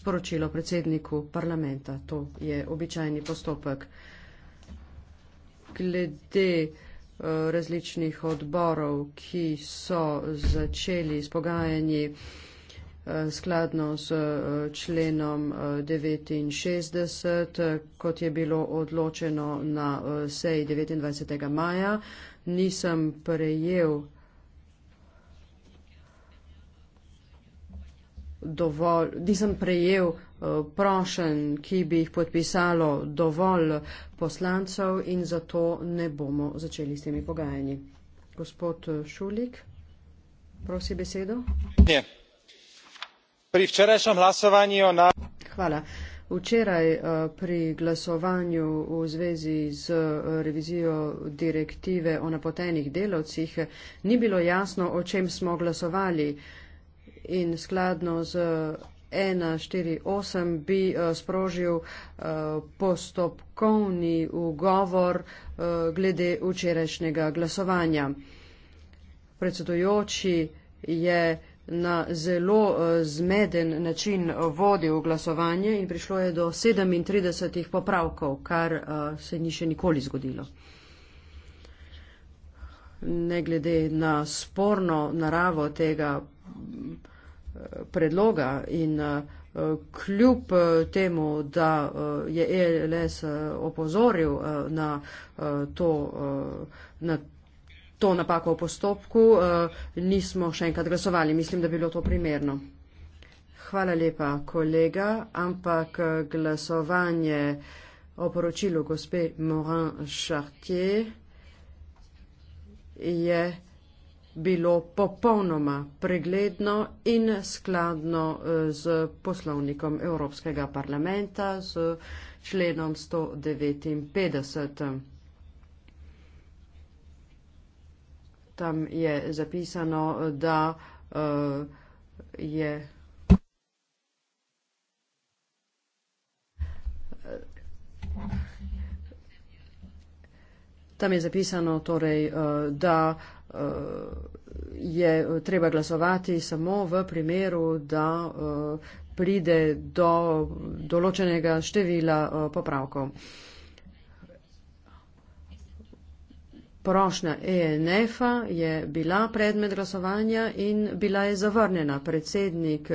sporočilo predsedniku parlamenta. To je običajni postopek. Glede eh, različnih odborov, ki so začeli s pogajanji eh, skladno s eh, členom 69, kot je bilo odločeno na seji 29. maja. Nisem prejel dovolj, nisem prejel eh, prošen, ki bi jih podpisalo dovolj poslancev in zato ne bomo začeli s temi pogajanji. Gospod eh, Šulik, prosi besedo. Ne. Pri včerajšnjem glasovanju na. Hvala. Včeraj eh, pri glasovanju v zvezi z revizijo direktive o napotenih delavcih ni bilo jasno, o čem smo glasovali in skladno z 148 bi eh, sprožil eh, postopkovni ugovor eh, glede včerajšnjega glasovanja. Predsedujoči je na zelo zmeden način vodil glasovanje in prišlo je do 37 popravkov, kar se ni še nikoli zgodilo. Ne glede na sporno naravo tega predloga in eh, kljub eh, temu, da eh, je ELS opozoril na to, na to napako v postopku, nismo še enkrat glasovali. Mislim, da bi bilo to primerno. Hvala lepa, kolega, ampak glasovanje o poročilu gospe Morin Chartier je bilo popolnoma pregledno in skladno eh, z poslovnikom Evropskega parlamenta z členom 159. Tam je zapisano, da eh, je eh, Tam je zapisano torej, da Eh, je treba glasovati samo v primeru, da eh, pride do določenega števila eh, popravkov. Prošnja ENF-a je bila predmet glasovanja in bila je zavrnjena. Predsednik